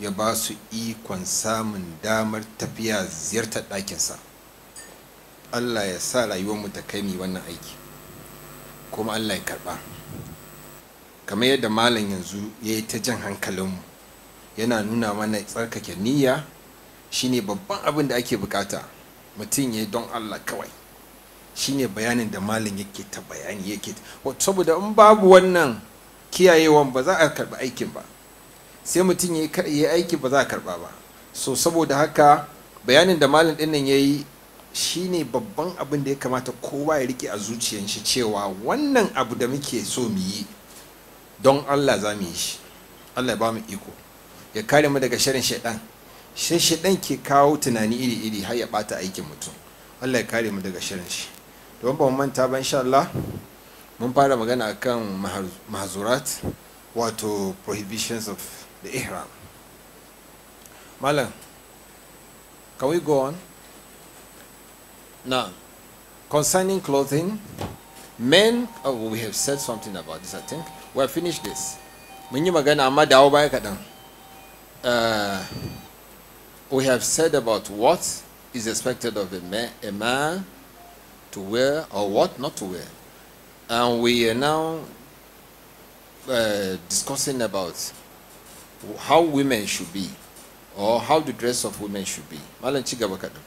ya ba su ikon samun damar tafiya ziyartar ɗakinsa allah ya sa rayuwarmu ta kai wannan aiki kuma allah ya karɓa kamar yadda malam yanzu ya yi ta jan hankalinmu yana nuna mana tsarkake niyya shine babban abin da ake bukata mutum ya yi don allah kawai shine bayanin da malam yake ta bayani yake saboda in babu wannan kiyayewan ba za a karɓi aikin ba sai mutum ya yi aiki ba za a karba ba so saboda haka bayanin da malam ɗin nan ya yi shi ne babban abin da ya kamata kowa ya rike a zuciyar shi cewa wannan abu da muke so mu yi don Allah za mu yi shi Allah ya ba mu iko ya kare mu daga shirin shaidan shi shaidan ke kawo tunani iri-iri har ya bata aikin mutum Allah ya kare mu daga shirin shi don ba mu manta ba insha Allah mun fara magana akan mahazurat wato prohibitions of the ihram. Malam, can we go on? Now, concerning clothing, men, oh, we have said something about this, I think. We have finished this. Uh, we have said about what is expected of a man, a man to wear or what not to wear. And we are now uh, discussing about how women should be or how the dress of women should be malam ci gaba kadan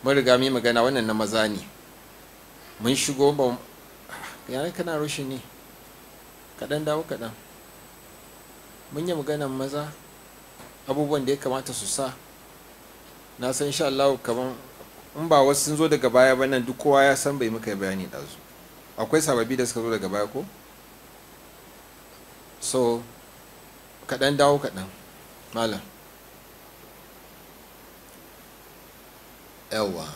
mun riga mu magana wannan na maza ne mun shigo ba yana kana rushin ne kadan dawo kadan mun yi magana maza abubuwan da ya kamata su sa na san insha Allah kaman in ba wasu sun zo daga baya ba nan duk kowa ya san bai muka bayani dazu akwai sababi da suka zo daga baya ko so kaɗan dawo kaɗan malam yawa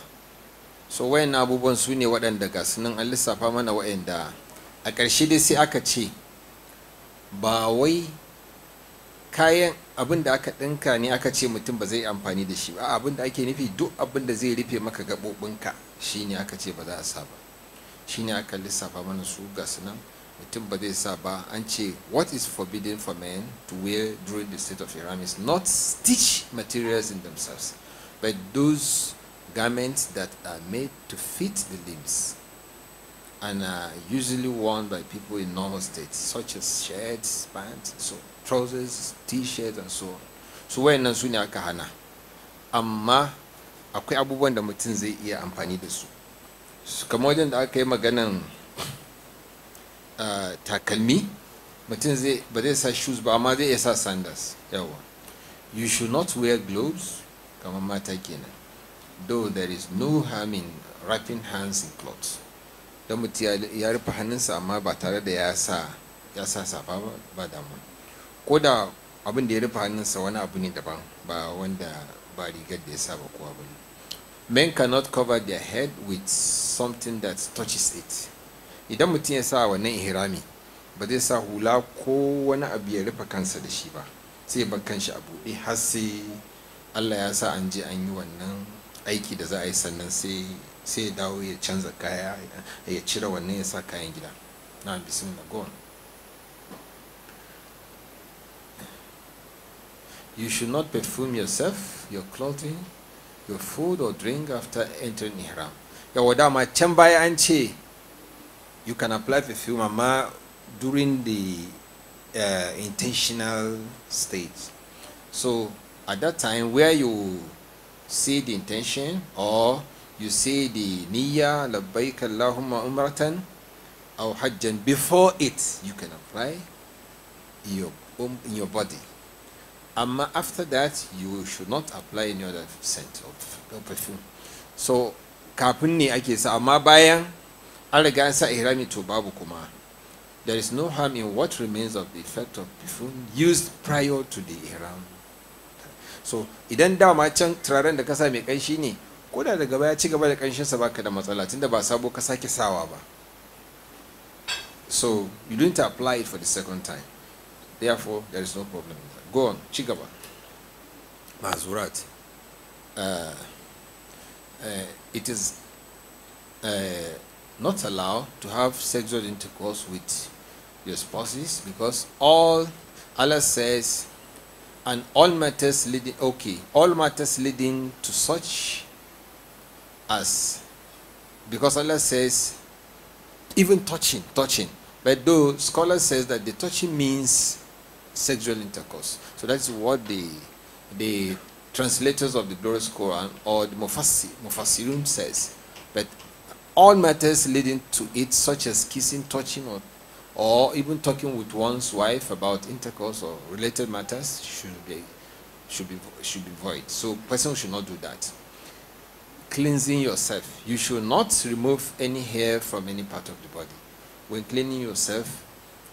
so wayan abubuwan su ne waɗanda ga sunan an lissafa mana waɗanda a ƙarshe dai sai aka ce ba wai kayan abin da aka ɗinka ne aka ce mutum ba zai amfani da shi ba abin da ake nufi duk abin da zai rufe maka gaɓoɓinka shine aka ce ba za a sa ba ne aka lissafa mana su ga sunan what is forbidden for men to wear during the state of Iran is not stitch materials in themselves but those garments that are made to fit the limbs and are usually worn by people in normal states such as shirts, pants, so trousers, t-shirts and so on So where su ne akahana? hana amma akwai abubuwan da mutinze iya ampani desu. su kamar wajen da takalmi mutum zai ba zai sa shoes ba amma zai iya sa sandals yawa you should not wear gloves kamar mata kenan though there is no harm in wrapping hands in cloth don mutum ya rufe hannunsa amma ba tare da ya sa ya sa safa ba damu ko da abin da ya rufe hannunsa wani abu ne daban ba wanda ba rigar da ya sa ba kowa ba ne men cannot cover their head with something that touches it idan mutum ya sa wannan ihrami ba zai sa hula ko wani abu ya rufe kansa da shi ba sai bar kanshi a buɗe har sai Allah ya sa an je an yi wannan aiki da za a yi sannan sai sai ya dawo ya canza kaya ya cire wannan ya sa kayan gida na bismillah go you should not perfume yourself your clothing your food or drink after entering ihram yawa dama can baya an ce you can apply perfume during the uh, intentional stage so at that time where you see the intention or you see the niya labbaik allahumma umratan or hajjan before it you can apply your um, in your body amma after that you should not apply any other scent of perfume so kafin ne ake sa amma bayan an riga to babu kuma there is no harm in what remains of the effect of perfume used prior to the ihram so idan ma can turaren da ka sa mai kanshi ne ko daga baya ci gaba da kanshin sa baka da matsala tunda ba sabo ka sake sawa ba so you do not apply it for the second time therefore there is no problem with that. go on ci gaba mazurat uh, uh, it is uh, not allowed to have sexual intercourse with your spouses because all Allah says and all matters leading okay all matters leading to such as because Allah says even touching touching but though scholar says that the touching means sexual intercourse so that's what the the translators of the glorious Quran or the Mufassir, Mufassirun says but all matters leading to it, such as kissing, touching, or, or even talking with one's wife about intercourse or related matters, should be, should be, should be void. So person should not do that. Cleansing yourself. You should not remove any hair from any part of the body. When cleaning yourself,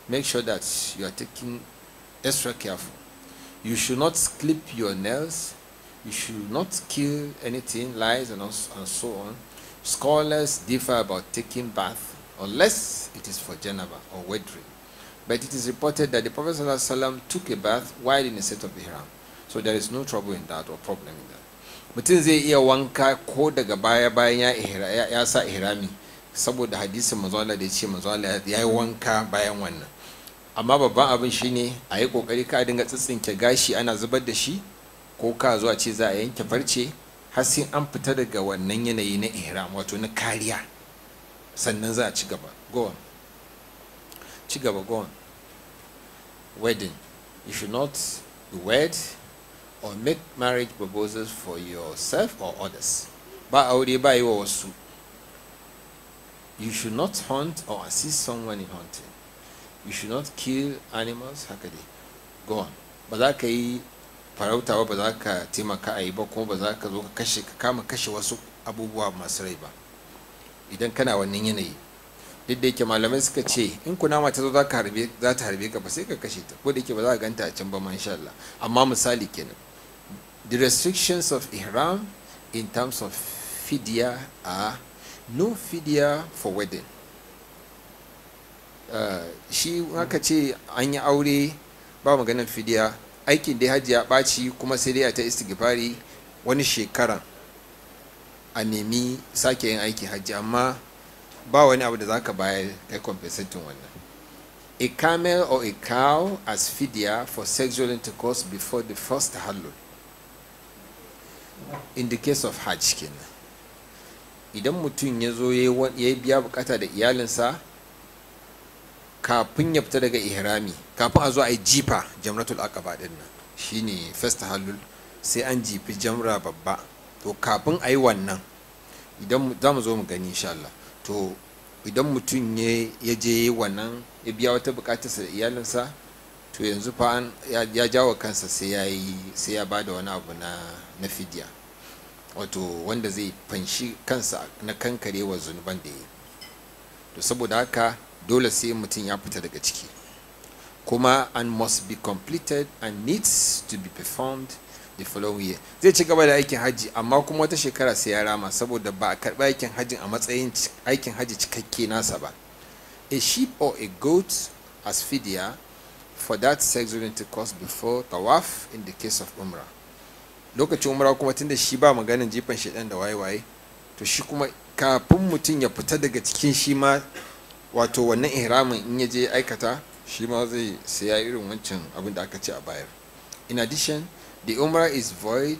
make sure that you are taking extra careful. You should not clip your nails. You should not kill anything, lies, and, also, and so on Scholars differ about taking bath unless it is for janaba or wet But it is reported that the Prophet ﷺ took a bath while in the state of ihram. So there is no trouble in that or problem in that. Mutum zai iya wanka ko daga baya bayan ya ihrami some of the da ya the manzo ya yi wanka wana. wannan. Amma babban abin karika a yi kokari ka dinga tsitsinke gashi ana zubar koka shi ko ka har sai an fita daga wannan yanayi na ihram wato na kariya sannan za a ci gaba go on ci gaba go on wedding you should not be wed or make marriage proposals for yourself or others ba aure ba yi wa wasu you should not hunt or assist someone in hunting you should not kill animals haka dai go on ba za ka yi farauta ba ba za ka taimaka a yi ba kuma ba za ka zo ka kashe kama kashe wasu abubuwa masu rai ba idan kana wannan yanayi duk da yake malamai suka ce in kunama ta zo za ta harbe ka ba sai ka kashe ta ko da yake ba za ka ganta a can ba ma insha Allah amma misali kenan the restrictions of ihram in terms of fidya are no fidya for wedding uh, shi haka ce an yi aure ba maganin fidya aikin da ya hajji ya ɓaci kuma sai dai a ta istighfari wani shekara a nemi sake yin aikin hajji amma ba wani abu da za ka bayar recompensating wannan a camel or a cow as fidya for sexual intercourse before the first halal in the case of hajj kenan idan mutum ya zo ya biya bukata da iyalinsa kafin ya fita daga ihrami kafin a zo a yi jifa jamratul aqaba din nan shine first halul sai an jifi jamra babba to kafin a yi wannan idan za mu zo mu gani insha Allah to idan mutum ya je wannan ya biya wata bukatarsa da iyalinsa to yanzu fa ya jawo kansa sai ya yi sai ya bada wani abu na na fidya wato wanda zai fanshi kansa na kankarewa zunuban da ya yi to saboda haka dole sai mutum ya fita daga ciki kuma and must be completed and needs to be performed the following year zai ci gaba da aikin hajji amma kuma wata shekara sai ya rama saboda ba a karɓi aikin hajji a matsayin aikin hajji cikakke nasa ba a sheep or a goat as fidya for that to cost before tawaf in the case of umrah lokacin umrah kuma tunda shi ba maganin jifan shaɗan da waye-waye to shi kuma kafin mutum ya fita daga cikin shi ma wato wannan ihramin in ya je aikata shi ma zai saya irin wancan abin da aka ce a bayar in addition the umra is void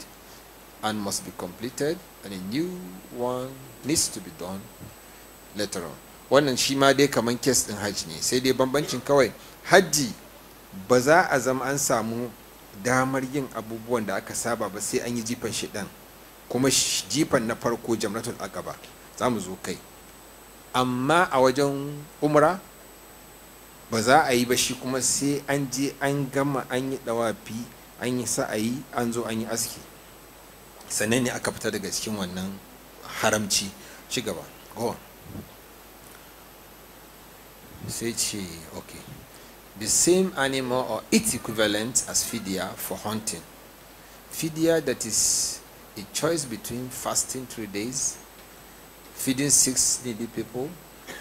and must be completed and a new one needs to be done later on wannan shi ma dai kamar kes din hajji ne sai dai bambancin kawai hajji ba za a zama an samu damar yin abubuwan da aka saba ba sai an yi jifan shidan kuma jifan na farko jamratul akaba za mu zo kai amma a wajen umra baza za a yi ba shi kuma sai an je an gama an yi dawafi an yi sa'ayi an zo an yi aski sannan ne aka fita daga cikin wannan haramci ci gaba go sai ce okay the same animal or its equivalent as fidya for hunting fidya that is a choice between fasting three days feeding six needy people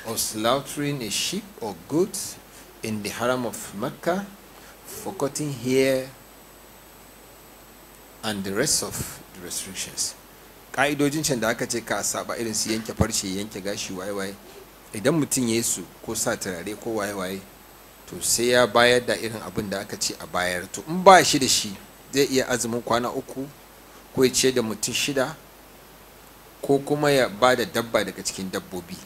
or slaughtering a sheep or goat in the haram of Mecca, forgetting here and the rest of the restrictions ƙa'idojin can da aka ce ka saba irin su yanke farce yanke gashi waye-waye idan mutum ya su ko sa turare ko waye-waye to sai ya bayar da irin abin da aka ce a bayar to in ba shi da shi zai iya azumin kwana uku ko ya ce da mutum shida ko kuma ya ba da dabba daga cikin dabbobi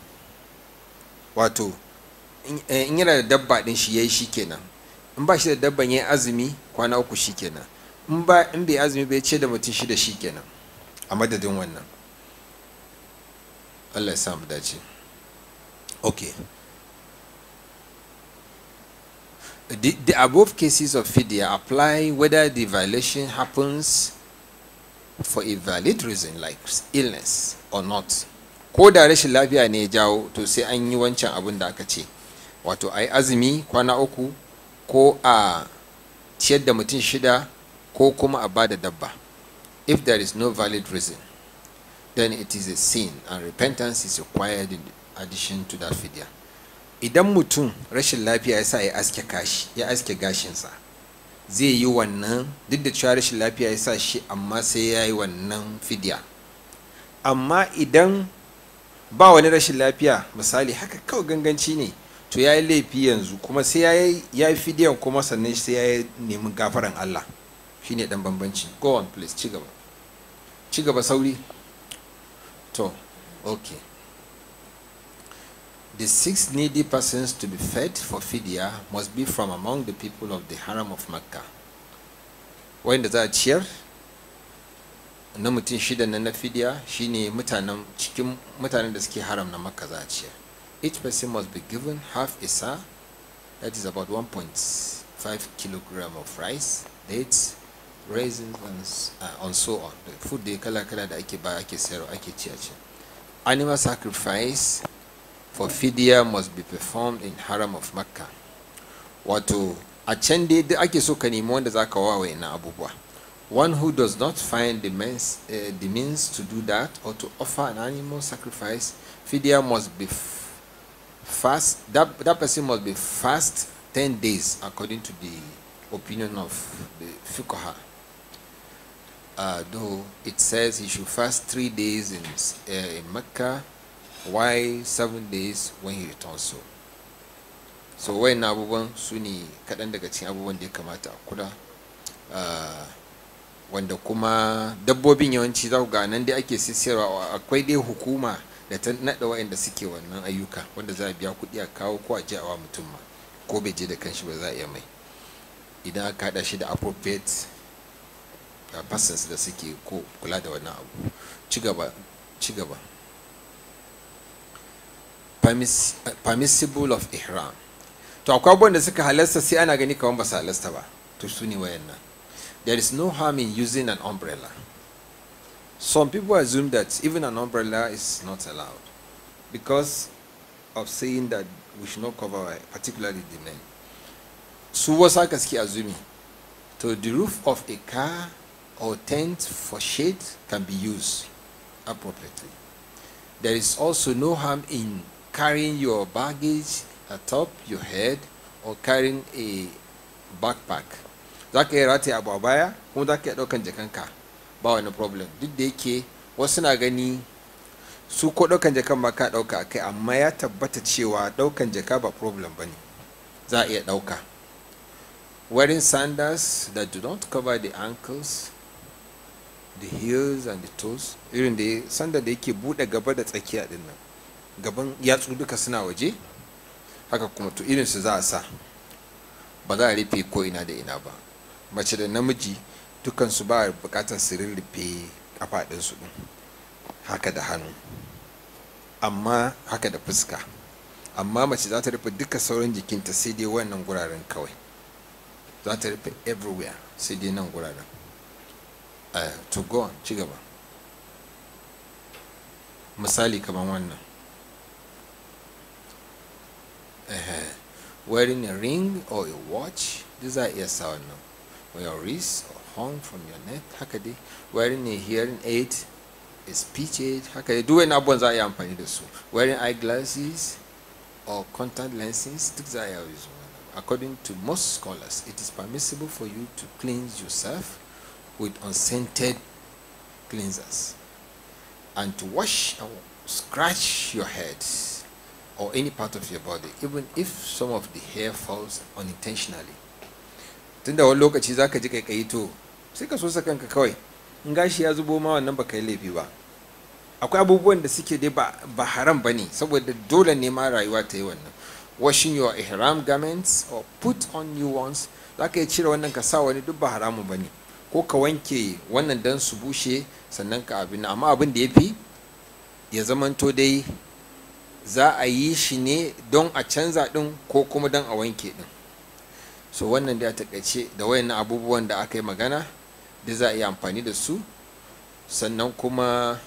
wato Eh, in yana da dabba din shi yayi shikenan in ba shi da dabban yayi azumi kwana uku shikenan in ba in bai azumi bai ce da mutum shida shikenan a madadin wannan Allah ya sa mu dace okay The, the above cases of fidya apply whether the violation happens for a valid reason like illness or not ko da rashin lafiya ne ya jawo to sai an yi wancan abin da aka ce wato a azumi kwana uku ko a ciyar da mutum shida ko kuma a ba da dabba if there is no valid reason then it is a sin and repentance is required in addition to that fidya idan mutum rashin lafiya ya sa ya aske kashi ya aske gashinsa zai yi wannan duk da cewa rashin lafiya ya sa shi amma sai ya yi wannan fidya amma idan ba wani rashin lafiya misali haka kawai ganganci ne to ya yi laifi yanzu kuma sai ya yi fidiyan kuma sannan sai ya yi nemi gafaran Allah shi ne ɗan bambanci go on please ci gaba ci gaba sauri to okay the six needy persons to be fed for fidya must be from among the people of the haram of makka wanda za a ciyar na mutum shida na na fidya shine mutanen cikin mutanen da suke haram na makka za a ciyar each person must be given half a sa that is about 1.5 kilogram of rice dates raisins and, uh, and so on the food da kala kala da ake ba ake sayarwa ake ci can animal sacrifice for fidya must be performed in haram of Mecca. wato a ake so ka nemi zaka na One who does not find the means, uh, the means to do that or to offer an animal sacrifice, fidya must be fast that that person must be fast 10 days according to the opinion of the fuqaha uh, though it says he should fast three days in, uh, in Mecca why seven days when he returns so so wayan abubuwan suni kaɗan daga cikin abubuwan da ya kamata a kula uh, wanda kuma dabbobin yawanci za ku ga nan dai ake sissiyarwa akwai dai hukuma da ta naɗa wa'anda suke wannan ayyuka wanda za a biya kuɗi a kawo ko a je a wa mutum ma ko bai je da kanshi ba za a iya mai idan aka haɗa shi da appropriate uh, persons da suke ko kula da wannan abu ci gaba uh, permissible of ihram to akwai abubuwan da suka halasta sai ana gani kamar ba su halasta ba to su ne wayannan there is no harm in using an umbrella Some people assume that even an umbrella is not allowed because of saying that we should not cover, particularly the men. So what's say assuming? So the roof of a car or tent for shade can be used appropriately. There is also no harm in carrying your baggage atop your head or carrying a backpack. ba wani problem duk da yake wasu na gani su ko ɗaukan jaka ma ka ɗauka a kai amma ya tabbata cewa ɗaukan jaka ba problem ba ne za a iya ɗauka wearing sandals that do not cover the ankles the heels and the toes irin da sanda da yake buɗe gaba da tsakiya din nan gaban yatsu duka suna waje haka kuma to irin su za a sa ba za a rufe ko ina da ina ba mace da namiji dukansu ba bukatar su rirrufe kafaɗinsu ɗin haka da hannu amma haka da fuska amma mace za ta rufe duka sauran jikinta sai dai wannan guraren kawai za ta rufe everywhere sai dai nan guraren eh, to go on ci gaba misali kamar wannan eh, wearing a ring or a watch duk za a iya sa wannan or your wrist or hung from your neck wearing a hearing aid a speech aid haka dai duk wearing eyeglasses or contact lenses according to most scholars it is permissible for you to cleanse yourself with unscented cleansers and to wash or scratch your head or any part of your body even if some of the hair falls unintentionally tunda wani lokaci zaka ji kai to sai ka sosa kanka kawai in gashi ya zubo ma wannan baka yi laifi ba akwai abubuwan da suke dai ba haram ba ne saboda dole ne ma rayuwa ta yi wannan washing your ihram garments or put on new ones za ka iya cire wannan ka sa wani duk ba haramun ba ne ko ka wanke wannan dan su bushe sannan ka abin amma abin da ya fi ya zamanto dai za a yi shi ne don a canza din ko kuma don a wanke din. so wannan da ya takaice da wayannan abubuwan da aka yi magana da za a yi amfani da su sannan kuma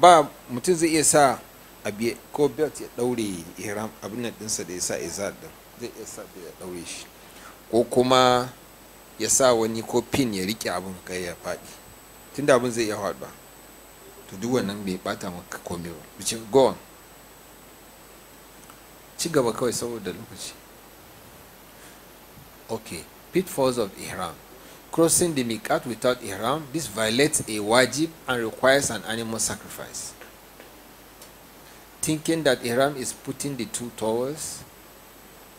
ba, mutum zai iya sa abiye ko belt ya daure ihram abin nan dinsa da ya sa izar din zai iya sa ya daure shi ko kuma ya sa wani ko pin ya rike abin kai ya faɗi tunda abin zai iya ba to duk wannan bai bata maka komai ba go on ci gaba kawai saboda lokaci Okay, pitfalls of ihram. Crossing the miqat without ihram, this violates a wajib and requires an animal sacrifice. Thinking that ihram is putting the two towers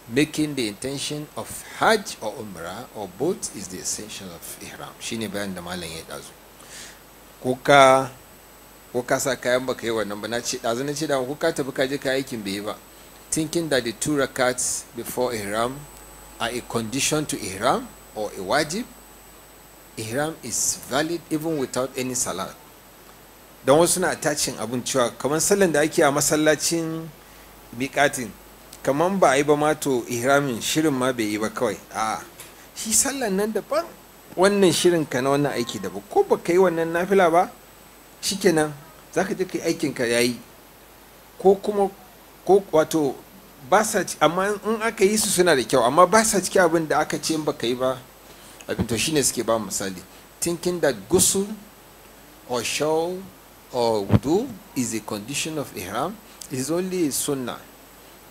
making the intention of Hajj or Umrah or both is the essential of ihram. Shine bayan da malam ya Kuka yi wannan ba na ce dazu na ce da tafi ka ka aikin ba. Thinking that the two rakats before ihram are a condition to ihram or a wajib, ihram is valid even without any salat. Don wasu na attaching abun cewa kamar sallan da ake a masallacin miƙatin kamar ba a yi ba ma to ihramin shirin ma bai yi ba kawai a shi sallan nan da ban wannan shirin ka na wannan aiki ba ko ba ka yi wannan nafila ba shikenan za ka je ka yi aikinka ya yi ko kuma ko wato ba sa amma in aka yi su suna da kyau amma ba sa ciki abin da aka ce in baka yi ba abin to shine suke ba misali thinking that gusul or show or wudu is a condition of ihram is only a sunnah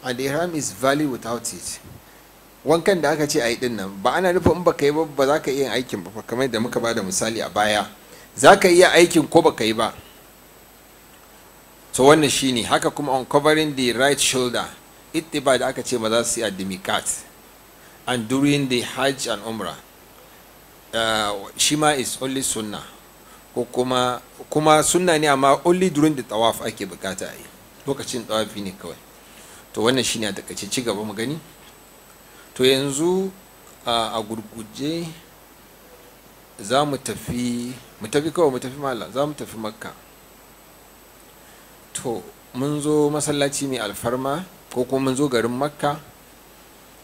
and ihram is valid without it wankan da aka ce a yi din nan ba ana nufin in baka yi ba ba za ka iya aikin ba kamar da muka ba da misali a baya za ka iya aikin ko baka yi ba to wannan shine haka kuma on covering the right shoulder ittiba da aka ce ba za su yi a kat and during the hajj and umrah uh, shi ma is only sunna ko kuma kuma sunna ne amma only during the tawaf ake bukata a yi lokacin tawafi ne kawai to wannan shine a takaice ci gaba mu gani to yanzu uh, a gurguje za mu tafi mu tafi kawai mu tafi mala za mu tafi makka to mun zo masallaci mai alfarma ko kuma mun zo garin makka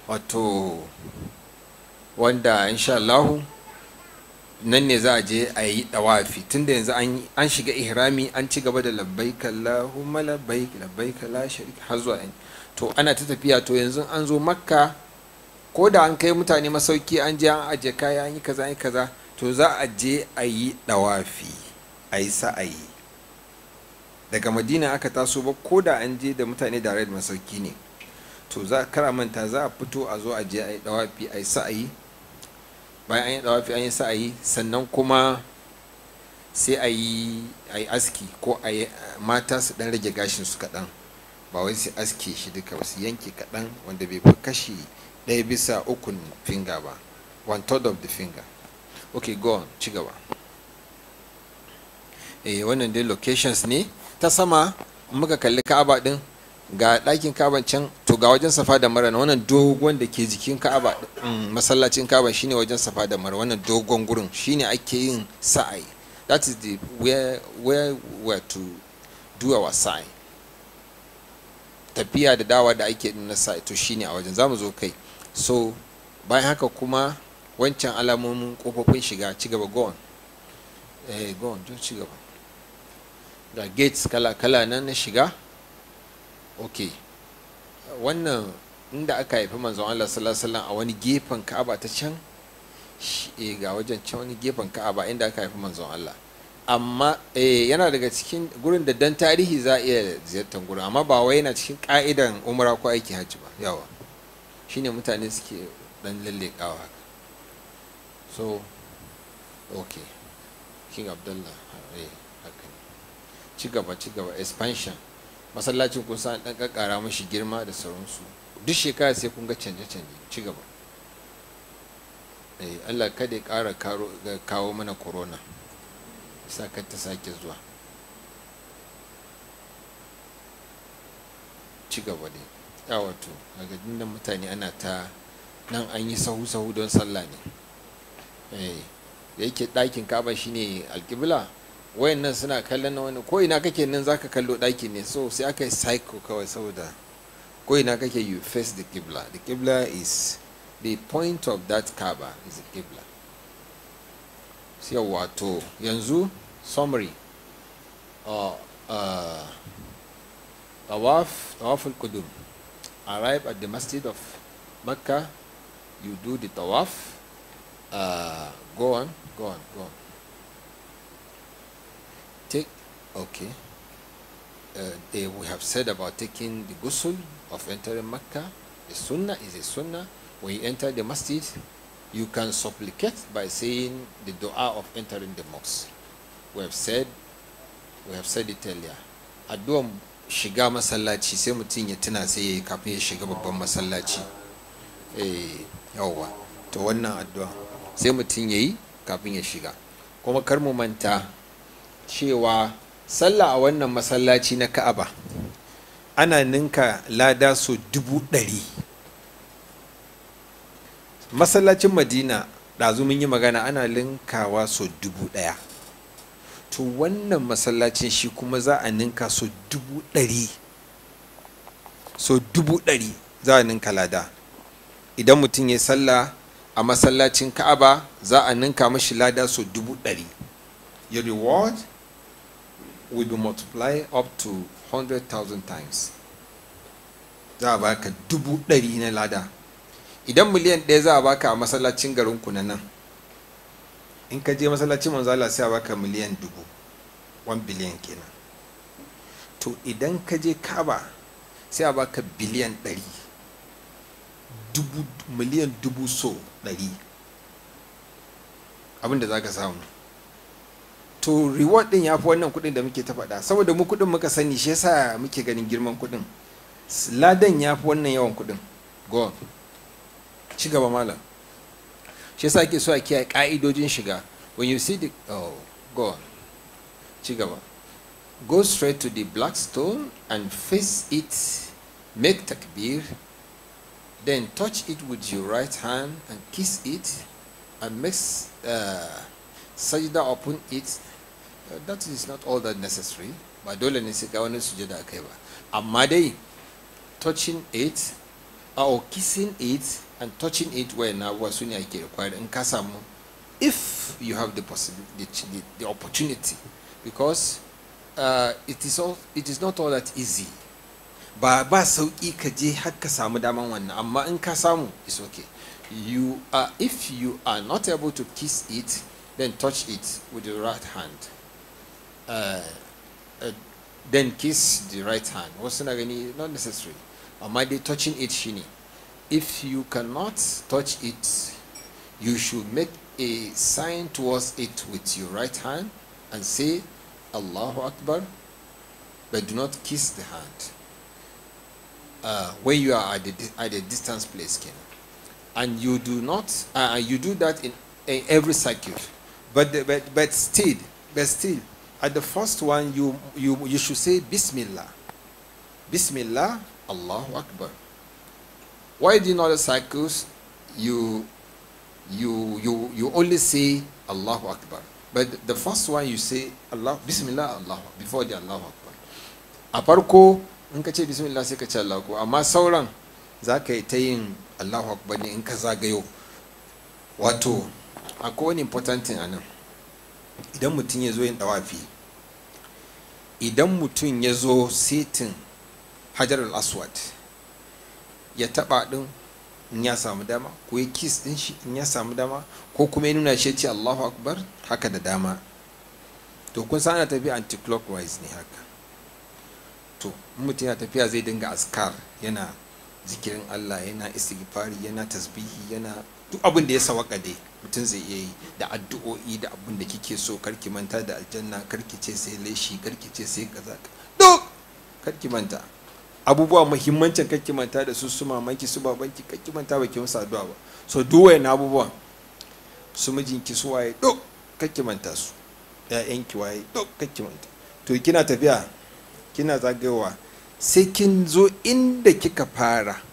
wato wanda insha Allah nan ne za a je a yi dawafi tunda yanzu an shiga ihrami an ci gaba da labbaika Allahumma labbaik labbaika la sharika har zuwa yanzu to ana ta tafiya to yanzu an zo makka ko da an kai mutane masauki an je an aje kaya an yi kaza an yi kaza to za a je a yi dawafi a yi sa'ayi daga madina aka taso ba ko da an je da mutane da red masauki ne to za kara manta za a fito a zo a je a yi dawafi a yi sa'ayi bayan an yi dawafi an yi sa'ayi sannan kuma sai a yi a yi aski ko a yi mata su dan rage gashin su kaɗan ba wai su aske shi duka ba su yanke kaɗan wanda bai fi kashi ɗaya bisa ukun finger ba one third of the finger okay go on ci gaba eh wannan dai locations ne ta sama muka kalli ka'aba din ga ɗakin ka'aban can to ga wajen safa da mara na wannan dogon da ke jikin ka'aba mm, masallacin ka'aba shine wajen safa da mara wannan dogon gurin shine ake yin sa'ai that is the where where are to do our sa'ai tafiya da dawa da ake na sa'ai to shine a wajen zamu zo kai so bayan haka kuma wancan alamomin kofofin shiga ci gaba go on eh go on don ci gaba ga gates kala-kala nan na shiga ok wannan inda aka haifi manzon Allah sallallahu a wani gefen ka'aba ta can eh ga wajen can wani gefen ka'aba inda aka haifi manzon Allah amma eh yana daga cikin gurin da dan tarihi za a iya ziyartar gurin amma ba wai yana cikin ka'idan umra ko aiki hajji ba yawa shine mutane suke dan lalle haka so okay king abdullah eh ci gaba ci gaba expansion masallacin kun san dan kakkara mashi girma da sauransu duk shekara sai kun ga canje-canje ci eh Allah kada ya ƙara kawo mana corona sa ka ta sake zuwa ci gaba ya wato daga nan mutane ana ta nan an yi sahu-sahu don sallah ne eh da yake ɗakin kaba shine alƙibla wayannan suna kallon na wani ko ina kake nan zaka kallo ɗaki ne so sai aka yi psycho kawai saboda ko ina kake you face the qibla the qibla is the point of that kaaba is the qibla sai wato yanzu summary uh, uh tawaf tawaf al-qudum arrive at the masjid of Mecca you do the tawaf uh, go on go on go on Okay. Uh, they we have said about taking the ghusl of entering Mecca. The sunnah is a sunnah. When you enter the masjid, you can supplicate by saying the dua of entering the mosque. We have said, we have said it earlier. Addu'an shiga masallaci sai mutum ya tuna sai ya yi kafin ya shiga babban masallaci. Eh, yawwa. To wannan addu'a sai mutum ya yi kafin ya shiga. Kuma kar mu manta cewa sallah a wannan masallaci na ka'aba ana ninka lada so dubu ɗari masallacin madina ɗazu mun yi magana ana linkawa so dubu ɗaya to wannan masallacin shi kuma za a ninka so dubu ɗari so dubu ɗari za a ninka lada idan mutum ya salla a masallacin ka'aba za a ninka mashi lada so dubu ɗari your reward will be multiplied up to 100,000 times za a baka dubu ɗari na lada idan miliyan ɗaya za a baka a masallacin garin ku na nan in ka je masallacin manzala sai a baka miliyan dubu 1 biliyan kenan to idan ka je kaba sai a baka biliyan ɗari miliyan dubu so ɗari abinda za ka samu to reward din ya fi wannan kuɗin da muke ta faɗa saboda mu kuɗin muka sani shi yasa muke ganin girman kuɗin ladan ya fi wannan yawan kuɗin go ci gaba malam shi yasa ake so a kiyaye ƙa'idojin shiga when you see the oh go on ci gaba go straight to the black stone and face it make takbir then touch it with your right hand and kiss it and make uh, sajda upon it uh, that is not all that necessary ba dole ne sai ka wani sujada kai ba amma dai touching it or kissing it and touching it when na wasu ne ake required in ka if you have the possibility the, the opportunity because uh, it is all it is not all that easy But ba sauki ka je har daman wannan amma in ka samu it's okay you are if you are not able to kiss it then touch it with the right hand uh, uh, then kiss the right hand. not not necessary. Am I touching it shini? If you cannot touch it, you should make a sign towards it with your right hand and say Allahu Akbar, but do not kiss the hand. Uh, when you are at the, at the distance place, Ken. And you do not, uh, you do that in, in every circuit. But, but, but still, but still, at the first one, you, you, you should say Bismillah. Bismillah, Allahu Akbar. Why in other cycles you, you, you, you only say Allahu Akbar? But the first one you say Allah, Bismillah, Allah, before the Allahu Akbar. A farko in Bismillah sai ka Allahu Akbar, amma sauran za ka Allahu Akbar ne in ka zagayo. Wato, akwai important thing a idan mutum ya zo yin dawafi idan mutum ya zo setin hajar aswad ya taba din in ya samu dama ko ya kis din shi in ya samu dama ko kuma ya nuna shi ce Allahu akbar haka da dama to kun sa ana tafiya anti clockwise ne haka to mutum yana tafiya zai dinga askar yana zikirin Allah yana istighfari yana tasbihi yana duk abin da ya sawaka dai mutum zai iya yi da addu'o'i da abin da kike so karki manta da aljanna karki ce sai laishi karki ce sai kaza duk karki manta abubuwa muhimmancin karki manta da su su mamanki su babanki karki manta ba ki musu addu'a ba so duk na abubuwan su mijinki su waye duk karki manta su ƴaƴanki waye duk karki manta to kina tafiya kina zagayowa sai kin zo inda kika fara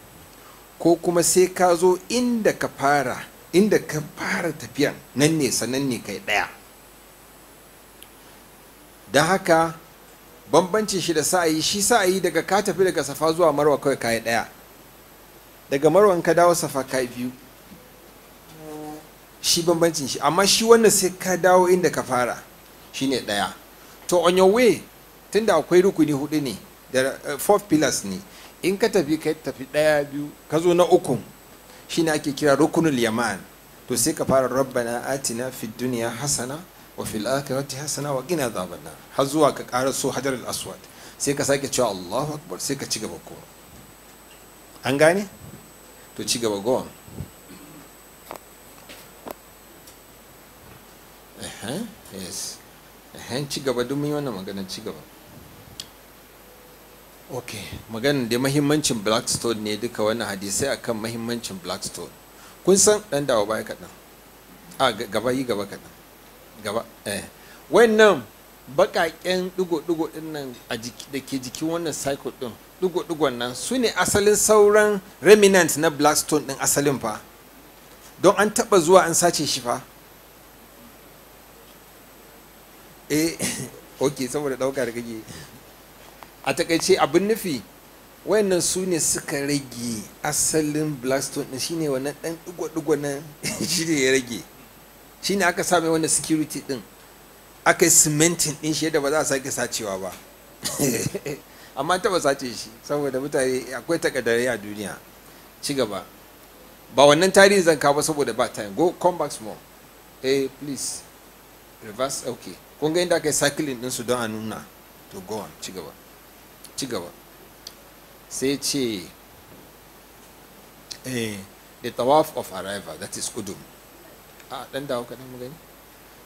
ko kuma sai ka zo inda ka fara inda ka fara tafiyan nan ne sanan ne kai ɗaya don haka bambancin shi da sa'ayi shi sa'ayi daga ka tafi daga safa zuwa marwa kawai kai ɗaya daga marwan ka dawo safa kai biyu shi bambancin shi amma shi wannan sai ka dawo inda ka fara shine ɗaya to on your way tunda akwai rukuni hudu ne da eh, fourth pillars ne in ka tafi ka tafi ɗaya biyu ka zo na ukun ne ake kira rukunul yaman to sai ka fara rabbana atina fi duniya hasana wa fil akhirati hasana wa qina adhaban har zuwa ka ƙara so hajar aswad sai ka sake cewa Allahu akbar sai ka ci gaba ko an gane to ci gaba go yes ci gaba duk mun yi wannan maganar ci gaba ok maganin da mahimmancin blackstone ne duka wani hadisai akan mahimmancin blackstone kun san dan dawo baya kaɗan a gaba yi gaba kaɗan gaba eh wannan baƙaƙen ɗigo-ɗigo ɗin nan da ke jikin wannan cycle ɗin ɗigo-ɗigon nan su ne asalin sauran remnant na blackstone ɗin asalin fa don an taɓa zuwa an sace shi fa eh ok saboda ɗauka da gage a takaice abin nufi wayannan su ne suka rage asalin blackstone din shine wannan dan digo-digo nan shine ya rage shine aka same wannan security din aka cementing din shi yadda ba za a sake sacewa ba amma ba sace shi saboda mutane akwai takaddare a duniya ci gaba ba wannan tarihi zan kawo saboda ba time go come back small hey eh, please reverse okay kun ga inda aka yi cycling din su don a nuna to go on ci gaba ci gaba sai ce eh the tawaf of arrival that is kudum a ah, dan dawo kadan mu gani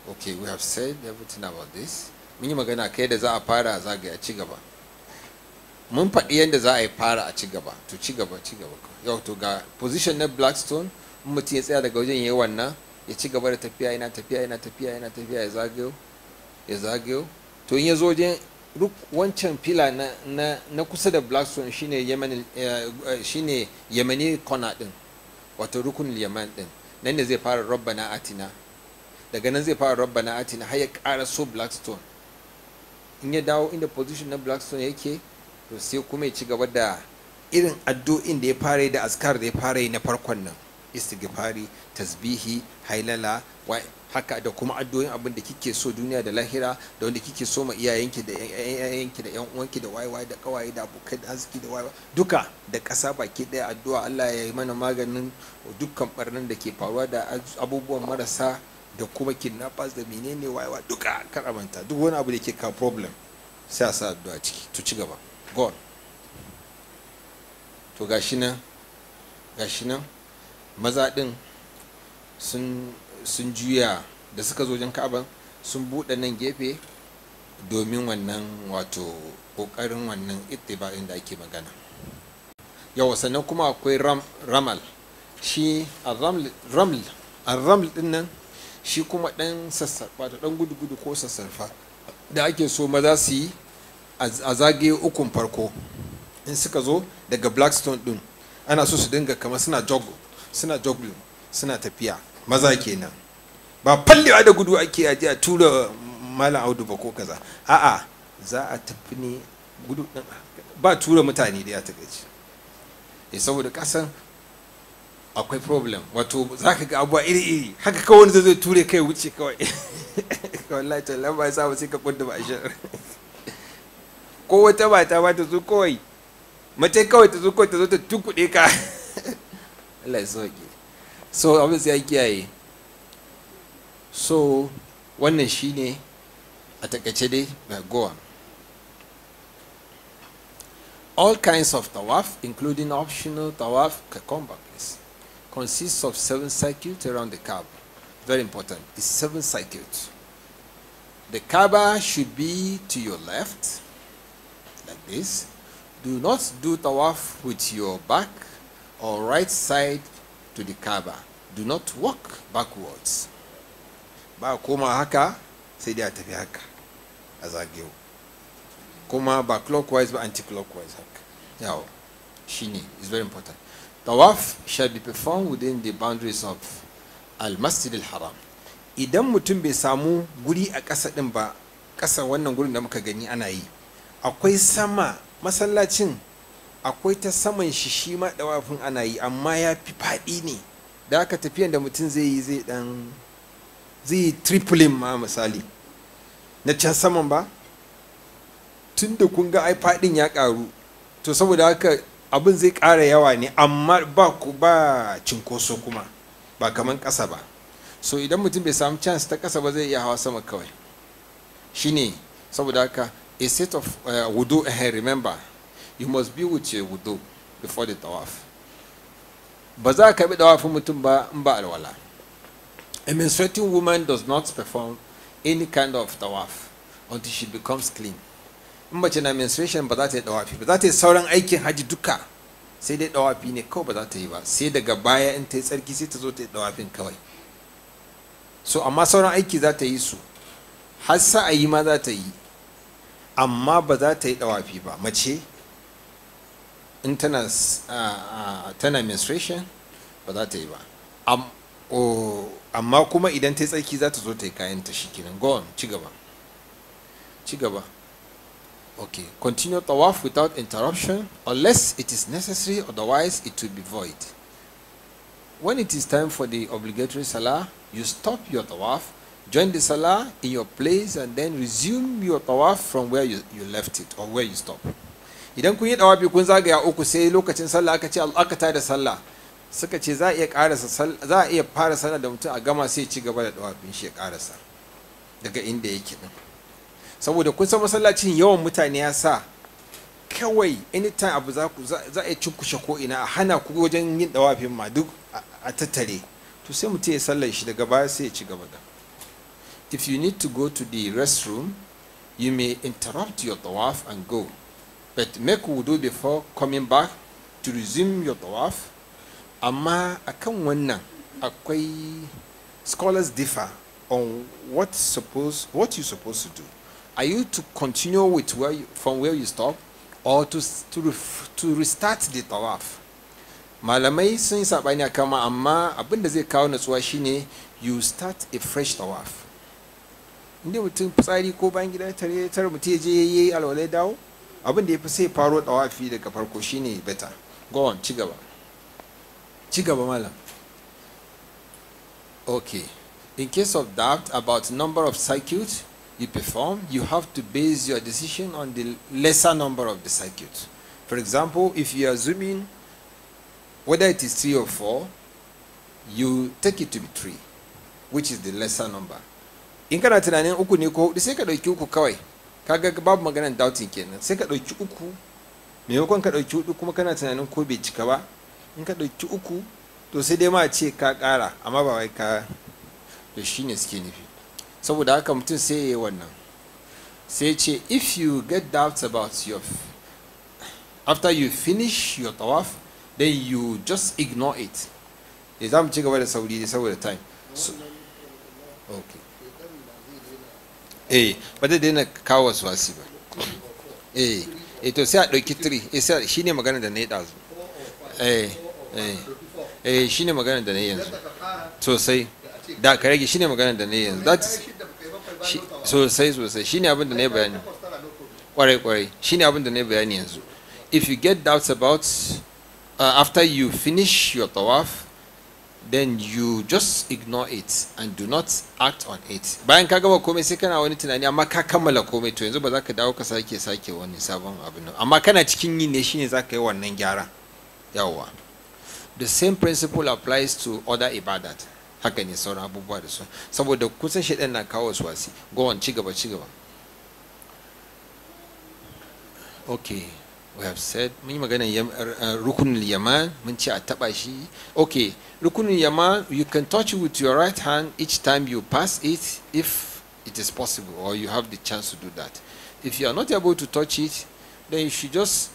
okay we have said everything about this mun yi magana kai da za a fara a zagaya ci gaba mun faɗi yadda za a yi fara a ci gaba to ci gaba ci gaba yau to ga position na blackstone mutum ya tsaya daga wajen yi wannan ya ci gaba da tafiya yana tafiya yana tafiya yana tafiya ya zagayo ya zagayo to in ya zo wajen duk wancan fila na, kusa da blackstone shine yemen eh, shine yemeni corner din wato rukunin yaman din nan ne zai fara rabbana atina daga nan zai fara rabbana atina har ya kara so blackstone in ya dawo inda position na blackstone yake to sai kuma ya ci gaba da irin addu'in da ya fara da askar da ya fara na farkon nan istighfari tasbihi hailala haka da kuma addu'o'in abin da kike so duniya da lahira da wanda kike so ma iyayenki da yayyanki da yan uwanki da wayewaye da kawaye da abokai da arziki da wayewaye duka da ƙasa baki ɗaya addu'a Allah ya yi mana maganin dukkan barnan da ke faruwa da abubuwan marasa da kuma kidnappers da menene wayewa duka karamanta duk wani abu da ke ka problem sai a sa addu'a ciki to ci gaba go to gashi nan gashi nan maza ɗin sun juya da suka zo wajen ka'aban sun buɗe nan gefe domin wannan wato ƙoƙarin wannan ittiba'in da ake magana yawa sannan kuma akwai ramal shi a raml raml ɗin nan shi kuma ɗan sassarfa da ɗan gudu-gudu ko sassarfa da ake so maza su yi a zagaye ukun farko in suka zo daga blackstone ɗin ana so su dinga kama suna jogo suna juggling suna tafiya maza kenan ba fallewa da gudu ake aji a tura malam audu ba ko kaza a'a za a tafi ne gudu ba tura mutane da ya takaici eh saboda kasan akwai problem wato za ka ga abuwa iri-iri haka kawai wani zai ture kai wuce kawai wallahi lamba ya sa sai ka kunda ba shi ko wata bata ba ta zo kawai mace kawai ta zo kawai ta zo ta tukude ka so abin sai ya so so wannan shine a takaice dai go goa all kinds of tawaf including optional tawaf kakomba please consists of seven circuits around the Kaaba very important it's seven circuits the Kaaba should be to your left like this do not do tawaf with your back or right side to the Kaaba. Do not walk backwards. Ba koma haka sai dai a tafi haka a zagewo. Kuma ba clockwise ba anti-clockwise haka. Yawo, shi ne, is very important. Tawaf shall be performed within the boundaries of Al-Masjid al-Haram. Idan mutum bai samu guri a ƙasa ɗin ba, ƙasa wannan gurin da muka gani ana yi. Akwai sama masallacin akwai ta saman shi shi ma dawafin ana yi amma ya fi faɗi ne da aka tafiyan da mutum zai yi zai dan zai yi tripling ma misali na can saman ba tun da kun ga ai faɗin ya ƙaru to saboda haka abin zai ƙara yawa ne amma ba ku ba cinkoso kuma ba kaman ƙasa ba so idan mutum bai samu chance ta kasa ba zai iya hawa sama kawai shine saboda haka a set of uh, wudu eh, remember you must be with your wudu before the tawaf ba za ka bi mutumba mutum ba alwala a menstruating woman does not perform any kind of tawaf until she becomes clean in mace na menstruation ba za ta That is tawafi ba za ta yi aikin haji duka sai dai tawafi ne kawai ba za ta yi ba sai daga in ta kawai so amma sauran aiki za ta yi su har yi amma ba za tawafi ba in uh, uh, tana administration menstruation ba za Am yi ba amma kuma idan ta yi tsarki za ta zo ta kayan ta go on ci gaba okay continue tawaf without interruption unless it is necessary otherwise it will be void when it is time for the obligatory salah you stop your tawaf join the salah in your place and then resume your tawaf from where you, you left it or where you stopped idan kun yi dawafi kun zagaya uku sai lokacin sallah aka ce aka ta da sallah suka ce za a iya karasa za a iya fara sallah da mutum a gama sai ci gaba da dawafin shi ya karasa daga inda yake din saboda kun san masallacin yawan mutane ya sa kawai anytime abu za za a kushe ko ina a hana ku wajen yin dawafin ma duk a tattare to sai mutum ya sallar shi daga baya sai ya ci gaba da if you need to go to the restroom you may interrupt your tawaf and go But make wudu before coming back to resume your tawaf. ama akan wannan akwai scholars differ on what suppose what you supposed to do. Are you to continue with where you, from where you stop or to to, to restart the tawaf? Malamai sun sabani akan amma abin da zai kawo shine you start a fresh tawaf. Inda mutum fitsari ko bayan gida tare tare mutum je yayi alwalai dawo abin da ya fi sai faro dawafi daga farko shine beta go on ci gaba ci gaba malam okay in case of doubt about number of circuits you perform you have to base your decision on the lesser number of the circuits for example if you are zooming whether it is three or four you take it to be three which is the lesser number in kana tunanin uku ne ko hudu sai ka dauki uku kawai kaga babu maganan doubting kenan sai ka ɗauki uku maimakon ka ɗauki hudu kuma kana tunanin ko bai cika ba in ka ɗauki uku to sai dai ma ce ka ƙara amma ba wai ka to shine suke nufi saboda haka mutum sai ya wannan sai ce if you get doubts about your after you finish your tawaf then you just ignore it ya eh, za mu ci gaba da sauri saboda time so, okay eh ba zai daina kawo wasu wasu ba eh eh to sai a ɗauki tiri eh sai shine magana da na yi ɗazu eh eh eh shine magana da na yi yanzu sosai da ka rage shine magana da na yi yanzu that sosai sosai shine abin da na yi bayani kwarai kwarai shine abin da na yi bayani yanzu if you get doubts about uh, after you finish your tawaf then you just ignore it and do not act on it bayan ka gama komai sai kana wani tunani amma ka kammala komai to yanzu ba za ka dawo ka sake sake wani sabon abin nan amma kana cikin yi ne shine za ka yi wannan gyara yawwa the same principle applies to other ibadat haka ne sauran abubuwa da su saboda kusan shaidan na kawo su wasi go on ci gaba ci gaba okay we have said mun yi magana uh, uh, rukunul yaman mun ce a taba shi okay rukunul yaman you can touch it with your right hand each time you pass it if it is possible or you have the chance to do that if you are not able to touch it then you should just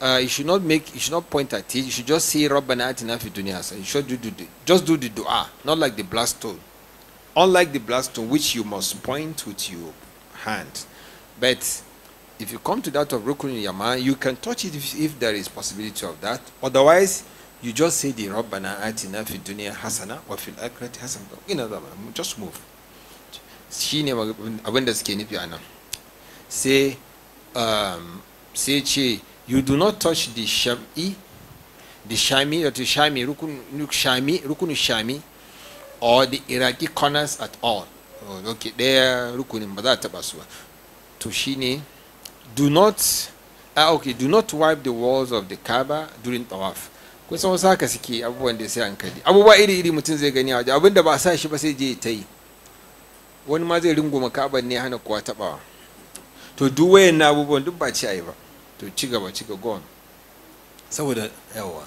uh, you should not make you should not point at it you should just say rabbana atina fid dunya hasan you should do, do do. just do the dua not like the blasto. unlike the blasto, which you must point with your hand but if you come to that of Rukun Yaman, you can touch it if, if, there is possibility of that. Otherwise, you just say the Rabbana atina Fidunia hasana or fil akhirati hasana. In other words, just move. Shi ne abin da suke nufi anan. Sai sai you do not touch the sham'i the shami or the shami rukun shami rukun shami or the Iraqi corners at all. Oh, okay, there rukun ba za ta taba To do not ah okay do not wipe the walls of the Kaaba during tawaf kusan wasu haka suke abubuwan da sai hankali abubuwa iri iri mutum zai gani a waje abin da ba sa shi ba sai je ta yi wani ma zai ringo makaba ne hana kowa tabawa to duk wayan na abubuwan duk ba ci ayi ba to ci gaba ci ga gon saboda yawa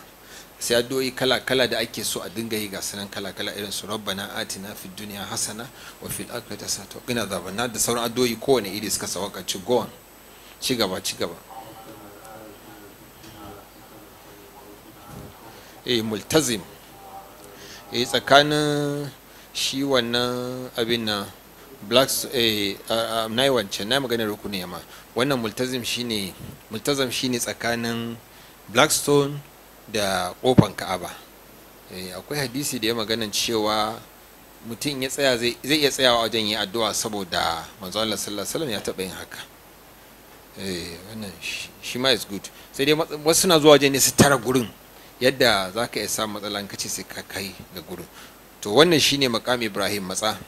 sai addu'o'i kala kala da ake so a dinga yi ga sanan kala kala irin su rabbana atina fid dunya hasana wa fil akhirati hasana wa qina na da sauran addu'o'i kowane iri suka sawaka ci gon ci gaba ci gaba eh multazim eh tsakanin shi wannan abin eh, na black eh na wancan na maganar rukuni yamma wannan multazim shine Multazim shine tsakanin blackstone da kofan ka'aba eh, akwai hadisi da ya maganar cewa mutum ya tsaya zai iya tsayawa wajen yi addu'a saboda manzo Allah sallallahu alaihi wasallam ya taɓa yin haka Eh, wannan shi ma is good sai dai wasu suna zuwa waje ne su tara gurin yadda za iya samun matsala kace sai ka kai ga gurin to wannan shine makami ibrahim matsa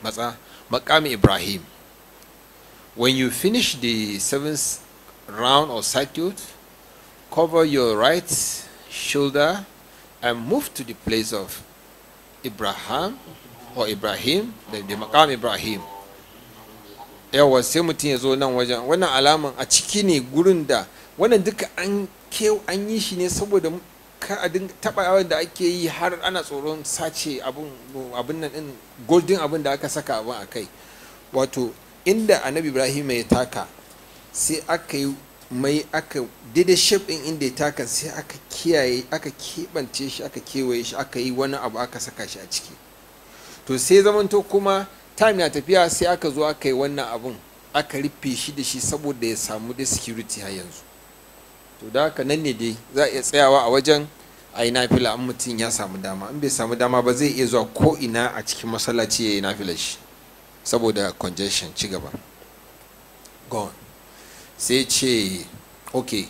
matsa makami ibrahim when you finish the seventh round of circuit cover your right shoulder and move to the place of ibrahim or ibrahim the, the ibrahim yawa sai mutum ya zo nan wajen wannan alaman a ciki ne gurin da wannan duka an an yi shi ne saboda ka a taba yawon da ake yi har ana tsoron sace abin nan din goldin abin da aka saka abin a kai wato inda annabi ibrahim ya taka sai aka yi mai aka daidai shape inda ya taka sai aka kiyaye aka keɓance shi aka kewaye shi aka yi wani abu aka saka shi a ciki to sai zamanto kuma time na tafiya sai aka zo aka yi wannan abun aka rufe shi da shi saboda ya samu da security har yanzu to da haka nan ne dai za a iya tsayawa a wajen a yi nafila an mutum ya samu dama in bai samu dama ba zai iya zuwa ko ina a cikin masallaci ya yi nafilar shi saboda congestion ci gaba gone sai ce ok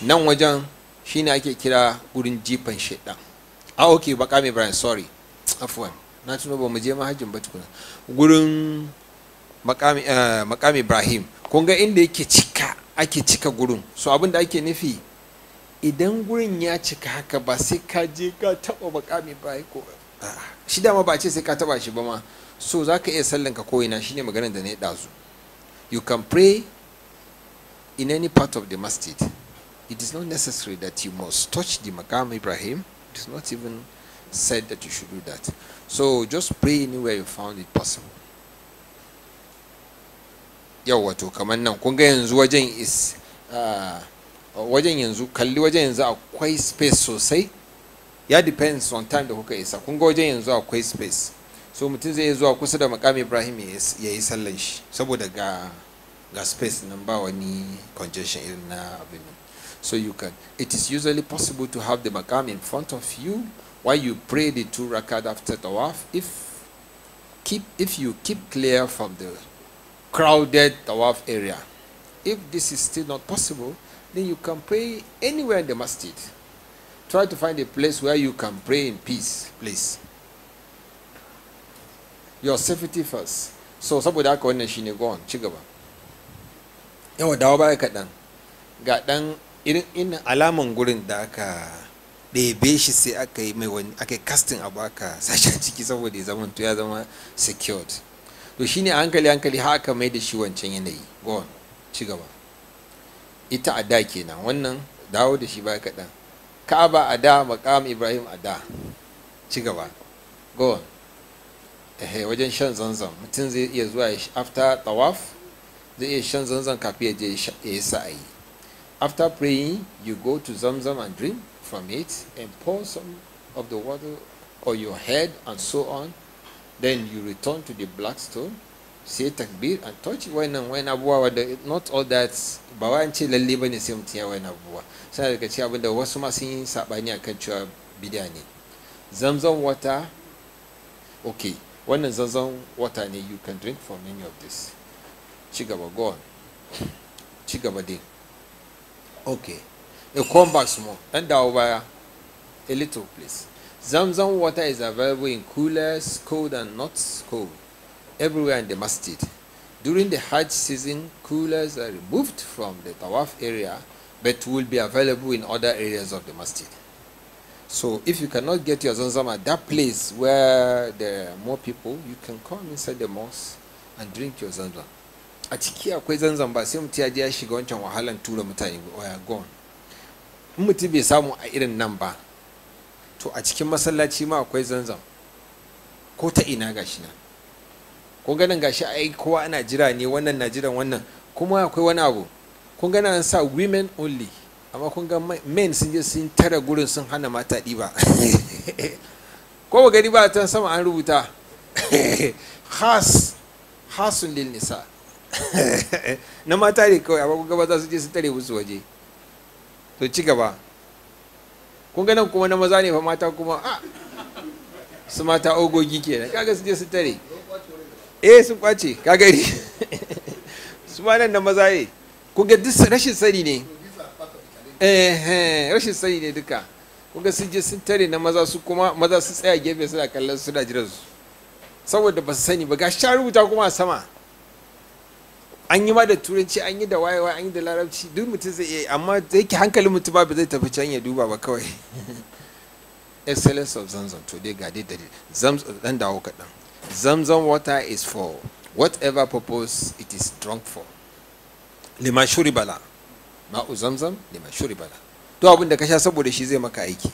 nan wajen shine ake kira gurin jifan shaidan a ah, ok baka mai brian sorry afuwan na tuno ba mu je mahajin ba tukuna gurin eh, makami ibrahim kun ga inda yake cika ake cika gurin so abin ake nufi idan gurin ya cika haka ba sai ka je ka taba makami ibrahim ko shi dama ba ce sai ka taba shi ba ma so za ka iya sallan ka koyina shine maganar da na yi ɗazu you can pray in any part of the masjid it is not necessary that you must touch the makami ibrahim it is not even said that you should do that so just pray anywhere you found it possible yau wato kamar nan kun ga yanzu wajen is ah, wajen yanzu kalli wajen yanzu akwai space sosai ya depends on time da kuka isa kun ga wajen yanzu akwai space so mutum zai zuwa kusa da makam ibrahim ya yi sallan shi saboda ga ga space nan ba wani congestion irin na abin so you can it is usually possible to have the makam in front of you while you pray the two rakat after tawaf, if, keep, if you keep clear from the crowded tawaf area, if this is still not possible, then you can pray anywhere in the masjid. Try to find a place where you can pray in peace, please. Your safety first. So saboda haka wannan shine go on, ci gaba. Yawa dawo baya kaɗan. Ga ɗan irin alaman gurin da aka ɗebe shi sai aka yi mai wani aka yi kastin abu aka sashi ciki saboda ya zama ya zama secured to a hankali hankali haka mai da shi wancan yanayi go on ci gaba ita a da kenan wannan dawo da shi baya kaɗan ka'aba a da makam ibrahim a da ci gaba go on ehe wajen shan zanzan mutum zai iya zuwa after tawaf zai iya shan zanzan kafin ya je ya yi sa'ayi after praying you go to zamzam and drink from it and pour some of the water on your head and so on. Then you return to the black stone, say takbir and touch it when when abuwa not all that ba wa an ce lalle bane sai mutum ya wani abuwa sai daga cikin abinda wasu ma sun yi sabani akan cewa bidiya ne zamzam water okay wannan zanzan wata ne you can drink from any of this ci gaba go on ci gaba okay a compass small, and over a little place. Zamzam water is available in coolers, cold and not cold, everywhere in the masjid. During the Hajj season, coolers are removed from the Tawaf area but will be available in other areas of the masjid. So if you cannot get your Zamzam at that place where there are more people, you can come inside the mosque and drink your Zamzam. A ciki akwai Zamzam basi sai mutum ya je ya shiga wancan or gone. in mutum bai samu a irin nan ba to a cikin masallaci ma akwai zanzan. ko ta ina gashi nan kun ganin gashi ai kowa ana jira ne wannan na jiran wannan kuma akwai wani abu kun gana an sa women only amma kun ga men sun je sun tara gurin sun hana mata ɗiba ko ba gari ba ta sama an rubuta has hasun lil nisa na mata ne kawai amma kun ga ba za su je sun tare musu waje to ci gaba kun ga nan kuma na maza ne fa mata kuma a ah, su mata ogogi kenan kaga su je su tare eh sun kwace kaga ri su ma nan na maza ne kun ga duk rashin sani ne eh, eh rashin sani ne duka kun ga sun je sun tare na maza su kuma maza su tsaya gefe suna kallon suna jiran su saboda ba su sani ba ga sha rubuta kuma a sama an yi ma da turanci an yi da wayewa an yi da larabci duk mutum zai iya amma zai ki hankalin mutum ba zai tafi can ya duba ba kawai excellence of zamzam to dai ga dai da zamzam dan dawo kaɗan zamzam water is for whatever purpose it is drunk for lima shuribala ma'u zamzam lima bala to abin da ka sha saboda shi zai maka aiki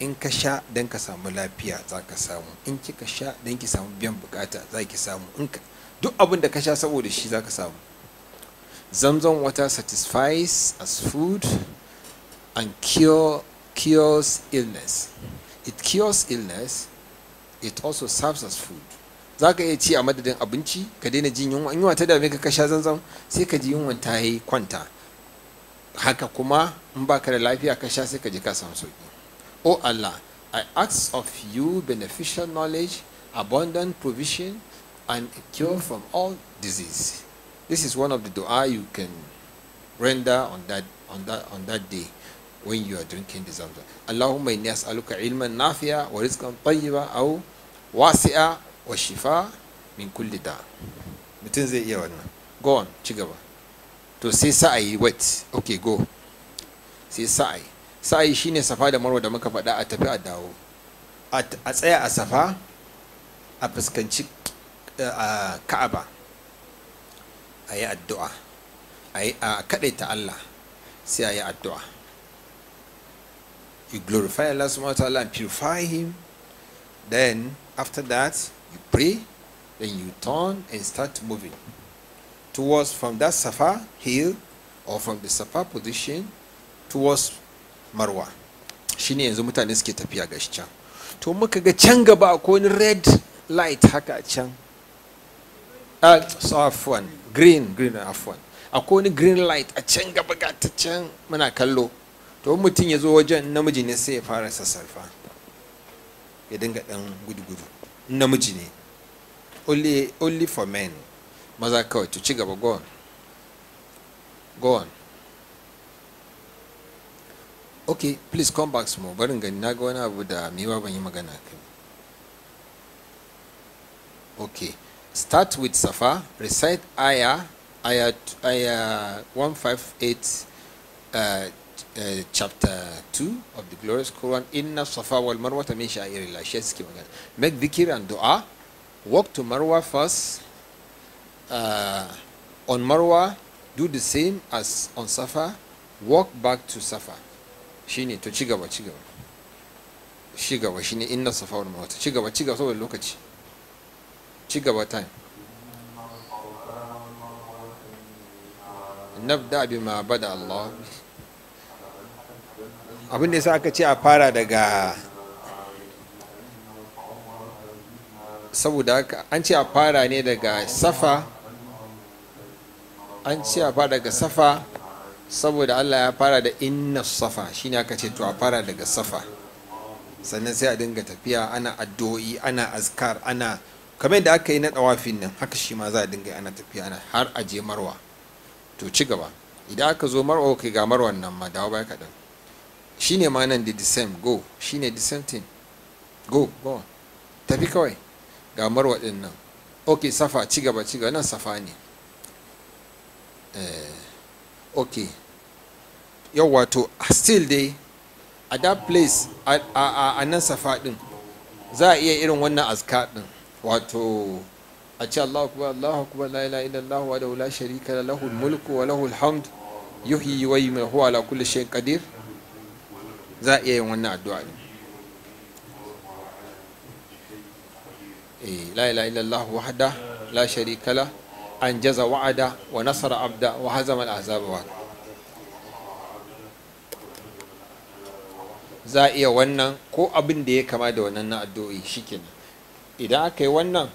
in ka sha don ka samu lafiya za ka samu in kika sha don ki samu biyan bukata za ki samu in duk abin da ka sha saboda shi za ka samu Zamzam water satisfies as food and cure, cures illness. It cures illness, it also serves as food. Za ka iya ci a madadin abinci, ka daina jin yunwa, yunwa ta dame ka kasha zanzam sai ka ji yunwa ta yi kwanta. Haka kuma in ka da lafiya ka sha sai ka ji ka samu sauki. O Allah, I ask of you beneficial knowledge, abundant provision, and cure from all disease. This is one of the dua you can render on that on that on that day when you are drinking the zamzam. Allahumma inni as'aluka ilman nafi'a wa rizqan tayyiba aw wasi'a wa shifa min kulli da. Mutun zai iya wannan. Go on, ci gaba. To sai sa'ayi wait. Okay, go. Sai sa'ayi. Sa'ayi shine safa da marwa da muka faɗa a tafi a dawo. A tsaya a safa a fuskanci eh, Ka'aba. a yi addu'a a kaɗaita Allah sai a yi addu'a you glorify Allah subhanahu wa ta'ala and purify him then after that you pray then you turn and start moving towards from that Safa hill or from the Safa position towards Marwa shine yanzu mutane suke tafiya ga shi can to muka ga can gaba akwai red light haka can ah, so green green afwan akwai wani green light a can gaba ga ta can muna kallo to mutum ya zo wajen namiji ne sai ya fara sassarfa ya dinga dan gudu-gudu namiji ne only, only for men maza kawai to ci gaba go on go on okay please come back small barin gani na ga wani abu da mewa ban yi magana kai okay start with Safa, recite ayah, ayah, ayah 158, uh, uh, chapter 2 of the glorious Quran, Inna Safa wal Marwa Tamisha Make dhikr and dua, walk to Marwa first, uh, on Marwa, do the same as on Safa, walk back to Safa. Shini to Chigawa Chigawa. Cigaba Shini Inna Safa wal Marwa, we look at you. ci gaba ta nabda ma bada Allah abin da yasa aka ce a fara daga saboda an ce a fara ne daga safa an ce a fara daga safa saboda Allah ya fara da inna safa shine aka ce to a fara daga safa sannan sai a dinga tafiya ana addu'o'i ana azkar ana kamar yadda aka yi na ɗawafin nan haka shi ma za a dinga ana tafiya ana har a je marwa to ci gaba idan aka zo marwa kai ga marwan nan ma dawo baya kaɗan shi ne ma nan da the same go shi ne the same thing go go tafi kawai ga marwa ɗin nan ok safa ci gaba ci gaba nan safa ne eh, ok yau wato still dai a that place a nan safa ɗin za a iya irin wannan azka ɗin wato a ce Allahu akbar Allahu akbar la ilaha illallah wa la sharika la lahul mulku wa lahul hamd yuhi wa mai huwa ala kulli shay'in qadir za a iya yin wannan addu'a ne eh la ilaha illallah wahda la sharika la anjaza wa'ada wa nasara abda wa hazama al-ahzaba wa za a iya wannan ko abin da ya kama da wannan na addu'o'i shikenan idan aka yi wannan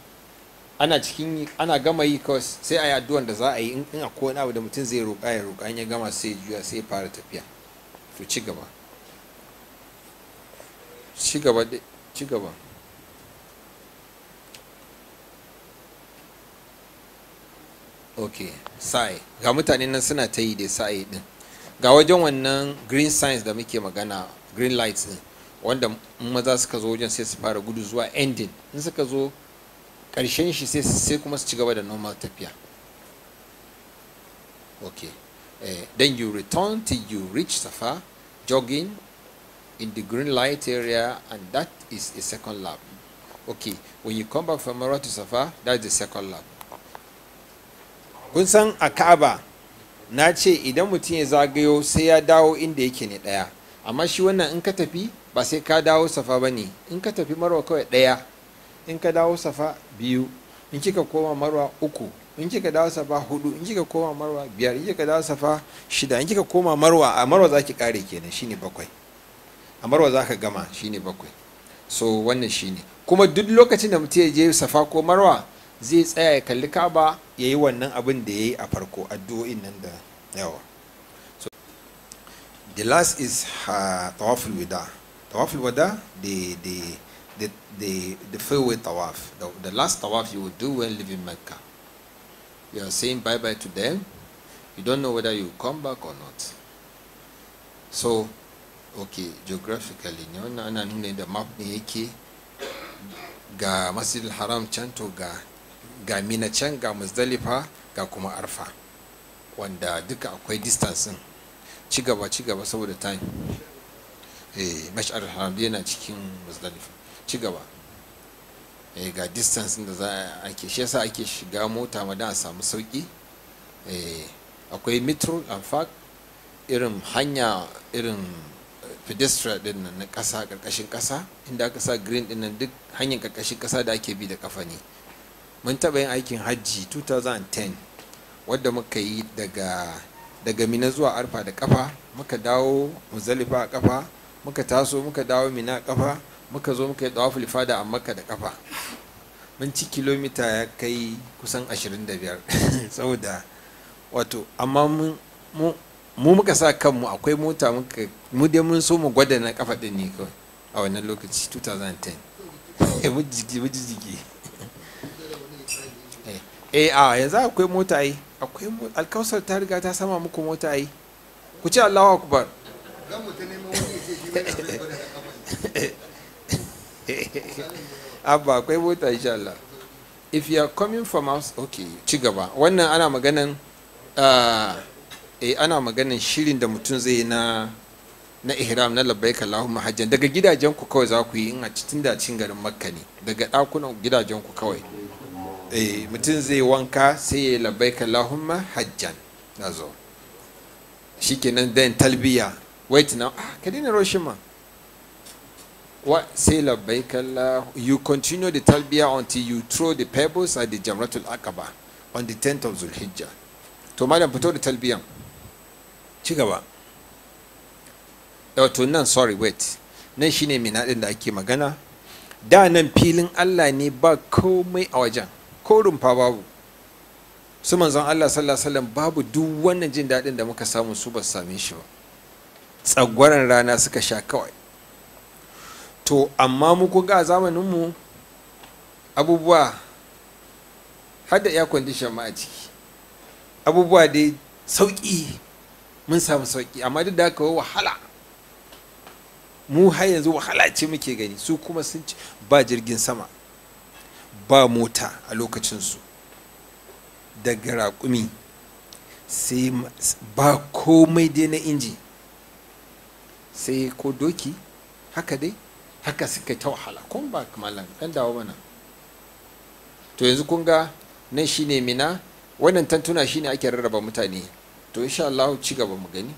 ana cikin ana gama yi kawai sai a yi addu'an da za a yi in a wani abu da mutum zai roƙa ya roƙa in ya gama sai juya sai fara tafiya to ci gaba ci gaba ci gaba ok sai ga mutane nan suna ta yi da sai din ga wajen wannan green signs da muke magana green lights din wanda maza suka zo wajen sai su fara gudu zuwa ending in suka zo ƙarshen shi sai kuma su ci gaba da normal tafiya okay eh, then you return till you reach safa jogging in the green light area and that is a second lap okay when you come back from mara to safa that is the second lap kun san a ka'aba na ce idan mutum ya zagayo sai ya dawo inda yake ne ɗaya amma shi wannan in ka tafi ba sai ka dawo safa ba ne in ka tafi marwa kawai ɗaya in ka dawo safa biyu in kika koma marwa uku in kika dawo safa hudu in kika koma marwa biyar in kika dawo safa shida in kika koma marwa a marwa za ki kare kenan shine bakwai a marwa za ka gama shine bakwai so wannan shine kuma duk lokacin da mutum ya je safa ko marwa zai tsaya ya kalli kaba ya yi wannan abin da ya yi a farko addu'o'in nan da yawa the last is uh, tawaful wida' Tawaf al-Wada, the, the, the, the, the farewell Tawaf, the, the last Tawaf you will do when leaving Mecca. You are saying bye-bye to them. You don't know whether you will come back or not. So, okay, geographically, you ana nuna map ni yake ga Masjidil Haram chanto ga ga Mina can ga Muzdalifa ga kuma Arfa. Wanda duka akwai distance ci gaba ci gaba saboda time. mash'ar eh, haram yana cikin musdalifa ci gaba eh, ga distance da za a ake shi yasa ake shiga mota ma dan a samu sauki eh, akwai metro and fact irin hanya irin pedestrian din nan na ƙasa ƙarƙashin ƙasa inda aka sa green din nan duk hanyar ƙarƙashin ƙasa da ake bi da kafa ne mun taɓa yin aikin hajji 2010 wadda muka yi daga daga mina zuwa arfa da kafa muka dawo muzalifa a kafa muka taso muka dawo mina kafa muka zo muka yi dawaful fada a makka da kafa mun ci kilomita ya kai kusan 25 saboda wato amma mu muka sa kanmu akwai mota muka mu dai mun so mu gwada na kafa din ne kawai a wannan lokaci 2010 mu jiki mu jiki eh a yanzu akwai mota yi akwai alkausar ta riga ta sama muku mota yi ku ci Allahu akbar dan mutane abba akwai mota insha Allah if you are coming from us okay ci gaba wannan ana maganan ah, eh ana maganan shirin da mutum zai na na ihram na labbaik Allahumma hajjan daga gidajen ku kawai za ku yi in a cikin da cin garin Makka ne daga dakunan gidajen ku kawai eh mutum zai wanka sai ya labbaik Allahumma hajjan nazo shikenan dan talbiya wait now ah, ka daina roshin ma sai labbaik you continue the talbiya until you throw the pebbles at the jamratul akaba on the 10th of zulhijja to malam fito da talbiyan ci gaba oh, to nan sorry wait nan shine mina din da ake magana da nan filin Allah ne ba komai a wajen ko rumfa babu su manzon Allah sallallahu alaihi wasallam babu duk wannan jin daɗin da muka samu su ba same shi ba tsagwaran rana suka sha kawai to amma mu kuga a zamaninmu abubuwa har da air condition ma a ciki abubuwa dai sauƙi mun samu sauƙi amma duk da haka wahala mu har yanzu wahala ce muke gani su kuma sun ci ba jirgin sama ba mota a lokacinsu daga raƙumi sai ba komai dai na inji sai ko doki haka dai haka suka ta wahala kun ba kamala ɗan dawo mana to yanzu kun ga nan shine mina wannan tantuna shine ake rarraba mutane to insha Allah ci gaba mu gani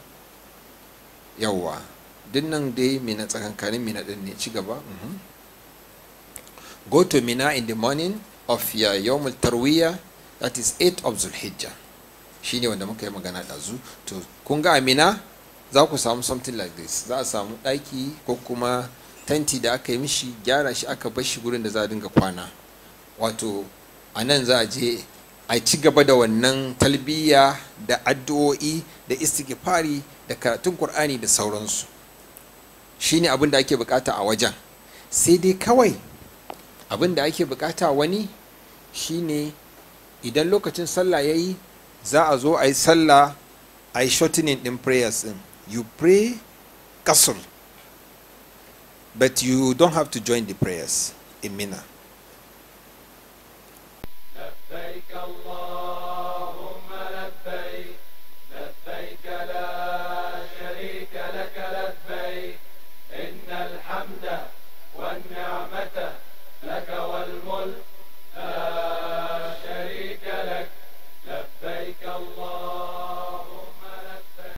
yawwa dinnan dai mina tsakankanin mina din ne ci gaba mhm. go to mina in the morning of your yawmul tarwiya that is 8 of zulhijja shine wanda muka yi magana dazu to kun ga mina za ku samu something like this za a samu ɗaki ko kuma tanti da aka yi mishi gyara shi aka bar shi gurin da za a dinga kwana wato a nan za a je a ci gaba da wannan talbiya da addu'o'i da istighfari da karatun qur'ani da sauransu shine abin da ake bukata a wajen sai dai kawai abin da ake bukata wani shine idan lokacin sallah ya yi za a zo a yi sallah a yi shortening din prayers din You pray castle, but you don't have to join the prayers in Mina.